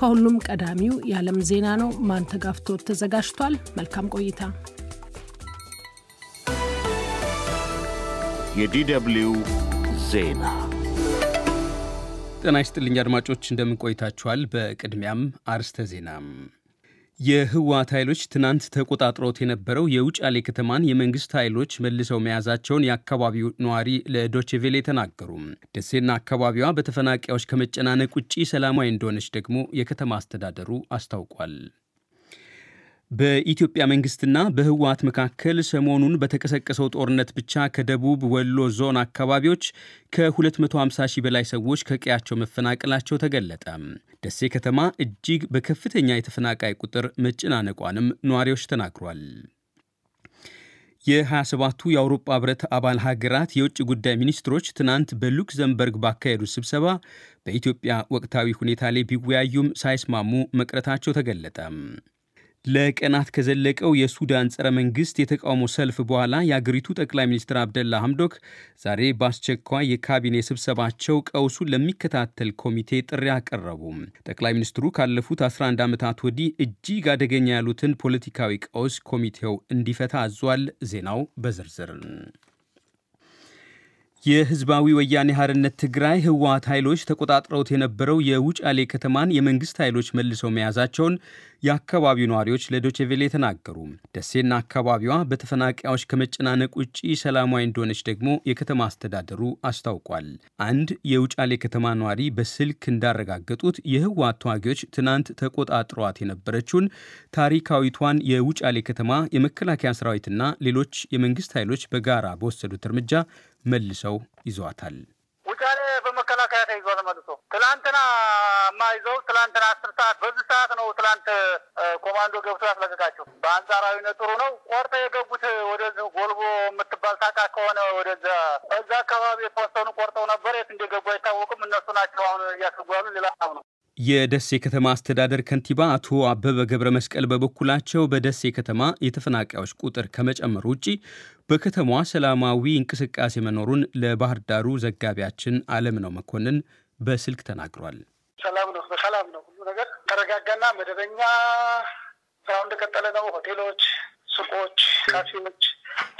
ከሁሉም ቀዳሚው የዓለም ዜና ነው። ማን ተጋፍቶ ተዘጋጅቷል። መልካም ቆይታ። የዲደብሊው ዜና ጤና ይስጥልኝ አድማጮች፣ እንደምን ቆይታችኋል? በቅድሚያም አርስተ ዜናም የህወሓት ኃይሎች ትናንት ተቆጣጥሮት የነበረው የውጫሌ ከተማን የመንግስት ኃይሎች መልሰው መያዛቸውን የአካባቢው ነዋሪ ለዶችቬሌ ተናገሩ። ደሴና አካባቢዋ በተፈናቃዮች ከመጨናነቅ ውጭ ሰላማዊ እንደሆነች ደግሞ የከተማ አስተዳደሩ አስታውቋል። በኢትዮጵያ መንግስትና በህወሀት መካከል ሰሞኑን በተቀሰቀሰው ጦርነት ብቻ ከደቡብ ወሎ ዞን አካባቢዎች ከ250 ሺህ በላይ ሰዎች ከቀያቸው መፈናቀላቸው ተገለጠ። ደሴ ከተማ እጅግ በከፍተኛ የተፈናቃይ ቁጥር መጨናነቋንም ነዋሪዎች ተናግሯል። የ27ቱ የአውሮፓ ህብረት አባል ሀገራት የውጭ ጉዳይ ሚኒስትሮች ትናንት በሉክዘምበርግ ባካሄዱ ስብሰባ በኢትዮጵያ ወቅታዊ ሁኔታ ላይ ቢወያዩም ሳይስማሙ መቅረታቸው ተገለጠ። ለቀናት ከዘለቀው የሱዳን ጸረ መንግስት የተቃውሞ ሰልፍ በኋላ የአገሪቱ ጠቅላይ ሚኒስትር አብደላ ሐምዶክ ዛሬ በአስቸኳይ የካቢኔ ስብሰባቸው ቀውሱን ለሚከታተል ኮሚቴ ጥሪ አቀረቡ። ጠቅላይ ሚኒስትሩ ካለፉት 11 ዓመታት ወዲህ እጅግ አደገኛ ያሉትን ፖለቲካዊ ቀውስ ኮሚቴው እንዲፈታ አዟል። ዜናው በዝርዝር የህዝባዊ ወያኔ ሀርነት ትግራይ ህወሀት ኃይሎች ተቆጣጥረውት የነበረው የውጫሌ ከተማን የመንግስት ኃይሎች መልሰው መያዛቸውን የአካባቢው ነዋሪዎች ለዶቼቬሌ ተናገሩ። ደሴና አካባቢዋ በተፈናቃዮች ከመጨናነቅ ውጪ ሰላማዊ እንደሆነች ደግሞ የከተማ አስተዳደሩ አስታውቋል። አንድ የውጫሌ ከተማ ነዋሪ በስልክ እንዳረጋገጡት የህወሀት ተዋጊዎች ትናንት ተቆጣጥረዋት የነበረችውን ታሪካዊቷን የውጫሌ ከተማ የመከላከያ ሰራዊትና ሌሎች የመንግስት ኃይሎች በጋራ በወሰዱት እርምጃ መልሰው ይዟታል። ውጫሌ በመከላከያ ተይዟል። መልሶ ትላንትና ማይዘው ትላንትና አስር ሰዓት በዚህ ሰዓት ነው ትላንት ኮማንዶ ገብቶ ያስለቀቃቸው። በአንጻራዊነት ጥሩ ነው። ቆርጠ የገቡት ወደዚህ ጎልቦ የምትባል ታቃ ከሆነ ወደዛ እዛ አካባቢ የተወሰኑ ቆርጠው ነበር። የት እንደገቡ አይታወቅም። እነሱ ናቸው አሁን እያስጓሉ ሌላ ነው የደሴ ከተማ አስተዳደር ከንቲባ አቶ አበበ ገብረ መስቀል በበኩላቸው በደሴ ከተማ የተፈናቃዮች ቁጥር ከመጨመሩ ውጪ በከተማዋ ሰላማዊ እንቅስቃሴ መኖሩን ለባህር ዳሩ ዘጋቢያችን አለምነው መኮንን በስልክ ተናግሯል። ሰላም ነው፣ በሰላም ነው። ሁሉ ነገር ተረጋጋና መደበኛ ስራው እንደቀጠለ ነው። ሆቴሎች፣ ሱቆች፣ ካፌዎች፣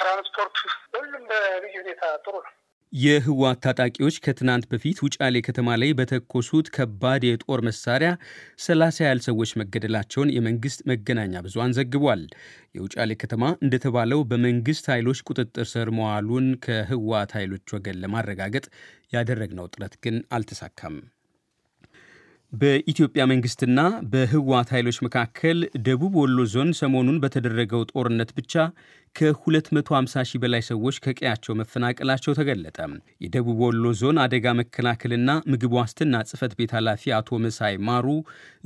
ትራንስፖርት ሁሉም በልዩ ሁኔታ ጥሩ ነው። የህወሓት ታጣቂዎች ከትናንት በፊት ውጫሌ ከተማ ላይ በተኮሱት ከባድ የጦር መሳሪያ ሰላሳ ያህል ሰዎች መገደላቸውን የመንግስት መገናኛ ብዙሃን ዘግቧል። የውጫሌ ከተማ እንደተባለው በመንግስት ኃይሎች ቁጥጥር ስር መዋሉን ከህወሓት ኃይሎች ወገን ለማረጋገጥ ያደረግነው ጥረት ግን አልተሳካም። በኢትዮጵያ መንግስትና በህወሓት ኃይሎች መካከል ደቡብ ወሎ ዞን ሰሞኑን በተደረገው ጦርነት ብቻ ከ250 ሺህ በላይ ሰዎች ከቀያቸው መፈናቀላቸው ተገለጠ። የደቡብ ወሎ ዞን አደጋ መከላከልና ምግብ ዋስትና ጽህፈት ቤት ኃላፊ አቶ መሳይ ማሩ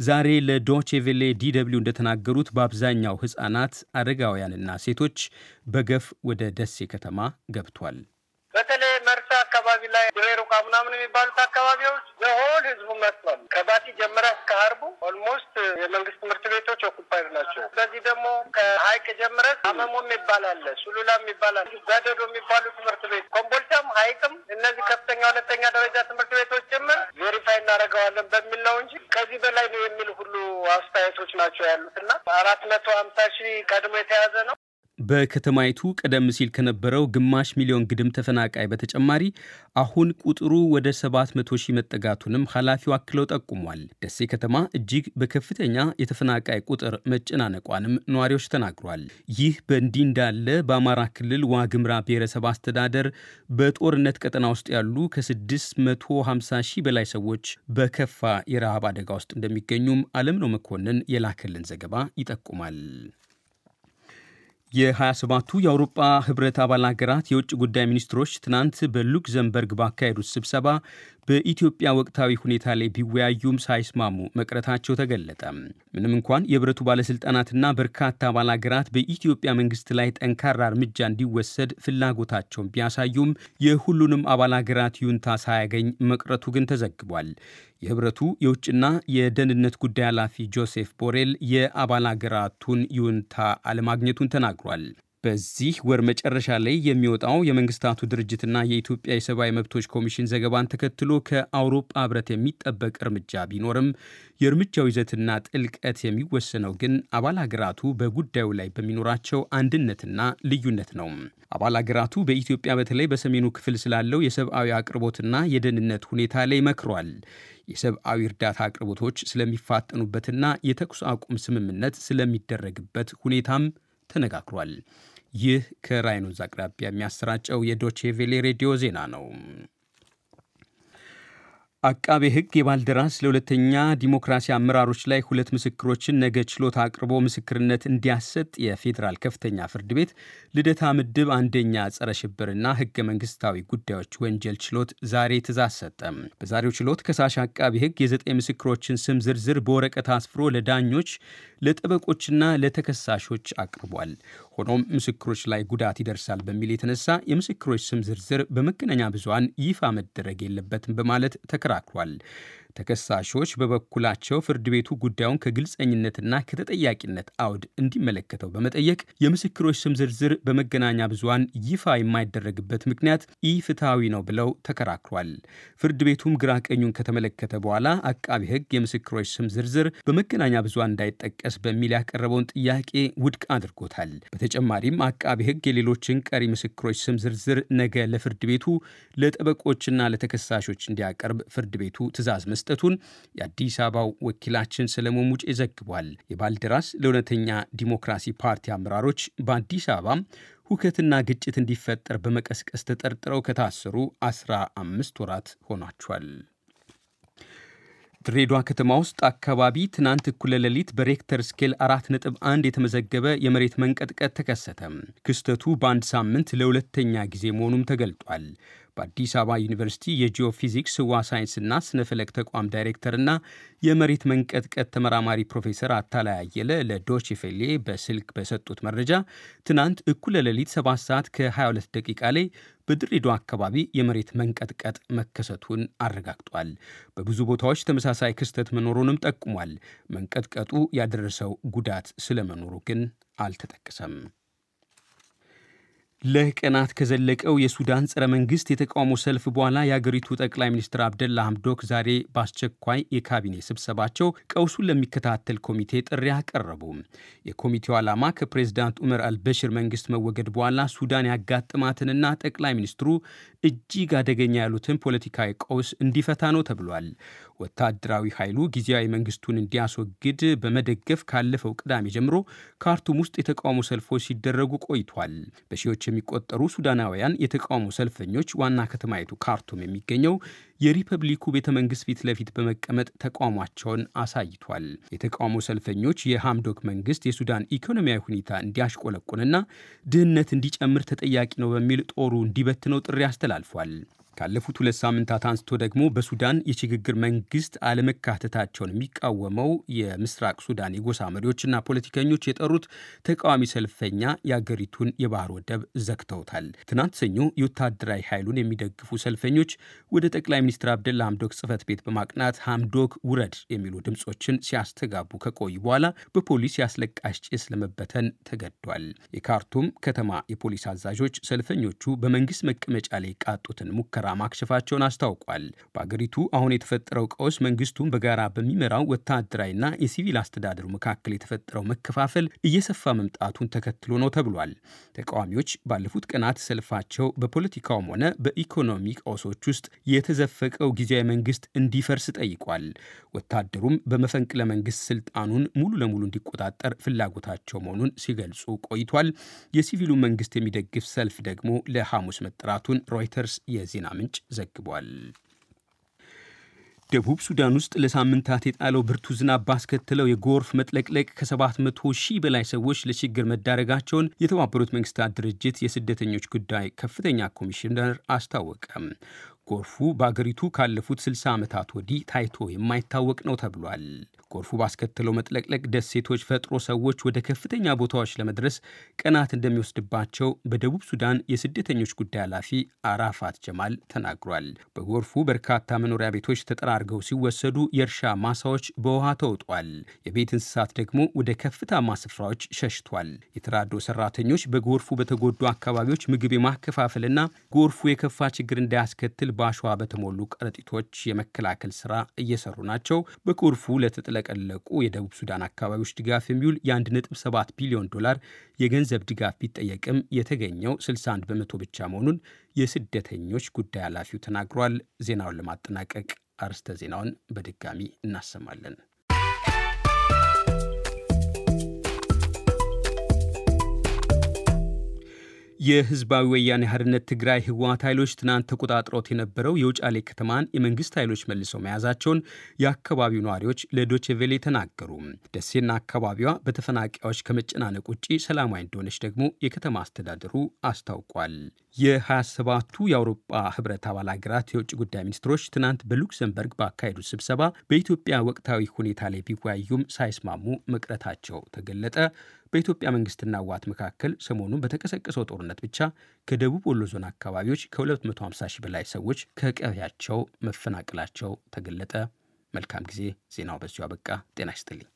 ዛሬ ለዶቼቬሌ ዲደብሊው እንደተናገሩት በአብዛኛው ህጻናት፣ አረጋውያንና ሴቶች በገፍ ወደ ደሴ ከተማ ገብቷል። አካባቢ ላይ ድሬ ምናምን የሚባሉት አካባቢዎች ዘሆን ህዝቡ መጥቷል። ከባቲ ጀምረ እስከ ኦልሞስት የመንግስት ትምህርት ቤቶች ኦኩፓይድ ናቸው። በዚህ ደግሞ ከሀይቅ ጀምረ አመሞም ይባላለ፣ ሱሉላም ይባላል፣ የሚባል የሚባሉ ትምህርት ቤት ኮምቦልቻም፣ ሀይቅም እነዚህ ከፍተኛ ሁለተኛ ደረጃ ትምህርት ቤቶች ጭምር ቬሪፋይ እናደርገዋለን በሚል ነው እንጂ ከዚህ በላይ ነው የሚል ሁሉ አስተያየቶች ናቸው ያሉት እና አራት መቶ ሀምሳ ሺህ ቀድሞ የተያዘ ነው። በከተማይቱ ቀደም ሲል ከነበረው ግማሽ ሚሊዮን ግድም ተፈናቃይ በተጨማሪ አሁን ቁጥሩ ወደ 700 ሺህ መጠጋቱንም ኃላፊው አክለው ጠቁሟል። ደሴ ከተማ እጅግ በከፍተኛ የተፈናቃይ ቁጥር መጨናነቋንም ነዋሪዎች ተናግሯል። ይህ በእንዲህ እንዳለ በአማራ ክልል ዋግምራ ብሔረሰብ አስተዳደር በጦርነት ቀጠና ውስጥ ያሉ ከ650 ሺህ በላይ ሰዎች በከፋ የረሃብ አደጋ ውስጥ እንደሚገኙም አለምነው መኮንን የላከልን ዘገባ ይጠቁማል። የ27ቱ የአውሮፓ ህብረት አባል ሀገራት የውጭ ጉዳይ ሚኒስትሮች ትናንት በሉክዘምበርግ ባካሄዱት ስብሰባ በኢትዮጵያ ወቅታዊ ሁኔታ ላይ ቢወያዩም ሳይስማሙ መቅረታቸው ተገለጠ። ምንም እንኳን የህብረቱ ባለስልጣናትና በርካታ አባል ሀገራት በኢትዮጵያ መንግስት ላይ ጠንካራ እርምጃ እንዲወሰድ ፍላጎታቸውን ቢያሳዩም የሁሉንም አባል ሀገራት ይሁንታ ሳያገኝ መቅረቱ ግን ተዘግቧል። የህብረቱ የውጭና የደህንነት ጉዳይ ኃላፊ ጆሴፍ ቦሬል የአባል አገራቱን ይሁንታ አለማግኘቱን ተናግሯል። በዚህ ወር መጨረሻ ላይ የሚወጣው የመንግስታቱ ድርጅትና የኢትዮጵያ የሰብአዊ መብቶች ኮሚሽን ዘገባን ተከትሎ ከአውሮፓ ህብረት የሚጠበቅ እርምጃ ቢኖርም የእርምጃው ይዘትና ጥልቀት የሚወሰነው ግን አባል ሀገራቱ በጉዳዩ ላይ በሚኖራቸው አንድነትና ልዩነት ነው። አባል ሀገራቱ በኢትዮጵያ በተለይ በሰሜኑ ክፍል ስላለው የሰብአዊ አቅርቦትና የደህንነት ሁኔታ ላይ መክሯል። የሰብአዊ እርዳታ አቅርቦቶች ስለሚፋጠኑበትና የተኩስ አቁም ስምምነት ስለሚደረግበት ሁኔታም ተነጋግሯል። ይህ ከራይን ወንዝ አቅራቢያ የሚያሰራጨው የዶቼቬሌ ሬዲዮ ዜና ነው። አቃቤ ሕግ የባልደራስ ለሁለተኛ ዲሞክራሲ አመራሮች ላይ ሁለት ምስክሮችን ነገ ችሎት አቅርቦ ምስክርነት እንዲያሰጥ የፌዴራል ከፍተኛ ፍርድ ቤት ልደታ ምድብ አንደኛ ጸረ ሽብርና ሕገ መንግስታዊ ጉዳዮች ወንጀል ችሎት ዛሬ ትእዛዝ ሰጠ። በዛሬው ችሎት ከሳሽ አቃቤ ሕግ የዘጠኝ ምስክሮችን ስም ዝርዝር በወረቀት አስፍሮ ለዳኞች ለጠበቆችና ለተከሳሾች አቅርቧል። ሆኖም ምስክሮች ላይ ጉዳት ይደርሳል በሚል የተነሳ የምስክሮች ስም ዝርዝር በመገናኛ ብዙኃን ይፋ መደረግ የለበትም በማለት ተከራክሯል። ተከሳሾች በበኩላቸው ፍርድ ቤቱ ጉዳዩን ከግልጸኝነትና ከተጠያቂነት አውድ እንዲመለከተው በመጠየቅ የምስክሮች ስም ዝርዝር በመገናኛ ብዙኃን ይፋ የማይደረግበት ምክንያት ኢፍትሐዊ ነው ብለው ተከራክሯል። ፍርድ ቤቱም ግራ ቀኙን ከተመለከተ በኋላ አቃቢ ሕግ የምስክሮች ስም ዝርዝር በመገናኛ ብዙኃን እንዳይጠቀስ በሚል ያቀረበውን ጥያቄ ውድቅ አድርጎታል። በተጨማሪም አቃቢ ሕግ የሌሎችን ቀሪ ምስክሮች ስም ዝርዝር ነገ ለፍርድ ቤቱ ለጠበቆችና ለተከሳሾች እንዲያቀርብ ፍርድ ቤቱ ትዕዛዝ መስጠቱን የአዲስ አበባው ወኪላችን ሰለሞን ሙጬ ዘግቧል። የባልደራስ ለእውነተኛ ዲሞክራሲ ፓርቲ አመራሮች በአዲስ አበባ ሁከትና ግጭት እንዲፈጠር በመቀስቀስ ተጠርጥረው ከታሰሩ አስራ አምስት ወራት ሆኗቸዋል። ድሬዷ ከተማ ውስጥ አካባቢ ትናንት እኩለ ሌሊት በሬክተር ስኬል 4.1 የተመዘገበ የመሬት መንቀጥቀጥ ተከሰተ። ክስተቱ በአንድ ሳምንት ለሁለተኛ ጊዜ መሆኑም ተገልጧል። በአዲስ አበባ ዩኒቨርሲቲ የጂኦፊዚክስ ዋ ሳይንስና ስነፈለግ ተቋም ተቋም ዳይሬክተርና የመሬት መንቀጥቀጥ ተመራማሪ ፕሮፌሰር አታላይ አየለ በስልክ በሰጡት መረጃ ትናንት እኩለ ሌሊት 7 ሰዓት ከ22 ደቂቃ ላይ በድሬዳዋ አካባቢ የመሬት መንቀጥቀጥ መከሰቱን አረጋግጧል። በብዙ ቦታዎች ተመሳሳይ ክስተት መኖሩንም ጠቁሟል። መንቀጥቀጡ ያደረሰው ጉዳት ስለመኖሩ ግን አልተጠቀሰም። ለቀናት ከዘለቀው የሱዳን ጸረ መንግስት የተቃውሞ ሰልፍ በኋላ የአገሪቱ ጠቅላይ ሚኒስትር አብደላ ሐምዶክ ዛሬ በአስቸኳይ የካቢኔ ስብሰባቸው ቀውሱን ለሚከታተል ኮሚቴ ጥሪ አቀረቡ። የኮሚቴው ዓላማ ከፕሬዝዳንት ዑመር አልበሽር መንግስት መወገድ በኋላ ሱዳን ያጋጥማትንና ጠቅላይ ሚኒስትሩ እጅግ አደገኛ ያሉትን ፖለቲካዊ ቀውስ እንዲፈታ ነው ተብሏል። ወታደራዊ ኃይሉ ጊዜያዊ መንግስቱን እንዲያስወግድ በመደገፍ ካለፈው ቅዳሜ ጀምሮ ካርቱም ውስጥ የተቃውሞ ሰልፎች ሲደረጉ ቆይቷል። በሺዎች የሚቆጠሩ ሱዳናውያን የተቃውሞ ሰልፈኞች ዋና ከተማይቱ ካርቱም የሚገኘው የሪፐብሊኩ ቤተ መንግስት ፊት ለፊት በመቀመጥ ተቃውሟቸውን አሳይቷል። የተቃውሞ ሰልፈኞች የሐምዶክ መንግስት የሱዳን ኢኮኖሚያዊ ሁኔታ እንዲያሽቆለቁልና ድህነት እንዲጨምር ተጠያቂ ነው በሚል ጦሩ እንዲበትነው ጥሪ አስተላልፏል። ካለፉት ሁለት ሳምንታት አንስቶ ደግሞ በሱዳን የሽግግር መንግስት አለመካተታቸውን የሚቃወመው የምስራቅ ሱዳን የጎሳ መሪዎችና ፖለቲከኞች የጠሩት ተቃዋሚ ሰልፈኛ የአገሪቱን የባህር ወደብ ዘግተውታል። ትናንት ሰኞ የወታደራዊ ኃይሉን የሚደግፉ ሰልፈኞች ወደ ጠቅላይ ሚኒስትር አብደላ ሐምዶክ ጽህፈት ቤት በማቅናት ሀምዶክ ውረድ የሚሉ ድምፆችን ሲያስተጋቡ ከቆዩ በኋላ በፖሊስ ያስለቃሽ ጭስ ለመበተን ተገዷል። የካርቱም ከተማ የፖሊስ አዛዦች ሰልፈኞቹ በመንግስት መቀመጫ ላይ ቃጡትን ሙከራ ሙከራ ማክሸፋቸውን አስታውቋል። በአገሪቱ አሁን የተፈጠረው ቀውስ መንግስቱን በጋራ በሚመራው ወታደራዊና የሲቪል አስተዳደሩ መካከል የተፈጠረው መከፋፈል እየሰፋ መምጣቱን ተከትሎ ነው ተብሏል። ተቃዋሚዎች ባለፉት ቀናት ሰልፋቸው በፖለቲካውም ሆነ በኢኮኖሚ ቀውሶች ውስጥ የተዘፈቀው ጊዜያዊ መንግስት እንዲፈርስ ጠይቋል። ወታደሩም በመፈንቅለ መንግስት ስልጣኑን ሙሉ ለሙሉ እንዲቆጣጠር ፍላጎታቸው መሆኑን ሲገልጹ ቆይቷል። የሲቪሉ መንግስት የሚደግፍ ሰልፍ ደግሞ ለሐሙስ መጠራቱን ሮይተርስ የዜና ምንጭ ዘግቧል። ደቡብ ሱዳን ውስጥ ለሳምንታት የጣለው ብርቱ ዝናብ ባስከተለው የጎርፍ መጥለቅለቅ ከ700 ሺህ በላይ ሰዎች ለችግር መዳረጋቸውን የተባበሩት መንግስታት ድርጅት የስደተኞች ጉዳይ ከፍተኛ ኮሚሽነር አስታወቀ። ጎርፉ በአገሪቱ ካለፉት 60 ዓመታት ወዲህ ታይቶ የማይታወቅ ነው ተብሏል። ጎርፉ ባስከተለው መጥለቅለቅ ደሴቶች ፈጥሮ ሰዎች ወደ ከፍተኛ ቦታዎች ለመድረስ ቀናት እንደሚወስድባቸው በደቡብ ሱዳን የስደተኞች ጉዳይ ኃላፊ አራፋት ጀማል ተናግሯል። በጎርፉ በርካታ መኖሪያ ቤቶች ተጠራርገው ሲወሰዱ የእርሻ ማሳዎች በውሃ ተውጧል። የቤት እንስሳት ደግሞ ወደ ከፍታማ ስፍራዎች ሸሽቷል። የተራድኦ ሰራተኞች በጎርፉ በተጎዱ አካባቢዎች ምግብ የማከፋፈልና ጎርፉ የከፋ ችግር እንዳያስከትል በአሸዋ በተሞሉ ከረጢቶች የመከላከል ስራ እየሰሩ ናቸው። በጎርፉ ለተጠለ ለተጥለቀለቁ የደቡብ ሱዳን አካባቢዎች ድጋፍ የሚውል የ1.7 ቢሊዮን ዶላር የገንዘብ ድጋፍ ቢጠየቅም የተገኘው 61 በመቶ ብቻ መሆኑን የስደተኞች ጉዳይ ኃላፊው ተናግሯል። ዜናውን ለማጠናቀቅ አርስተ ዜናውን በድጋሚ እናሰማለን። የህዝባዊ ወያኔ ሓርነት ትግራይ ህወሓት ኃይሎች ትናንት ተቆጣጥሮት የነበረው የውጫሌ ከተማን የመንግስት ኃይሎች መልሰው መያዛቸውን የአካባቢው ነዋሪዎች ለዶችቬሌ ተናገሩ። ደሴና አካባቢዋ በተፈናቃዮች ከመጨናነቅ ውጭ ሰላማዊ እንደሆነች ደግሞ የከተማ አስተዳደሩ አስታውቋል። የ27ቱ የአውሮፓ ህብረት አባል ሀገራት የውጭ ጉዳይ ሚኒስትሮች ትናንት በሉክሰምበርግ ባካሄዱት ስብሰባ በኢትዮጵያ ወቅታዊ ሁኔታ ላይ ቢወያዩም ሳይስማሙ መቅረታቸው ተገለጠ። በኢትዮጵያ መንግስትና ዋት መካከል ሰሞኑን በተቀሰቀሰው ጦርነት ብቻ ከደቡብ ወሎ ዞን አካባቢዎች ከ250 ሺህ በላይ ሰዎች ከቀያቸው መፈናቀላቸው ተገለጠ። መልካም ጊዜ። ዜናው በዚሁ አበቃ። ጤና ይስጥልኝ።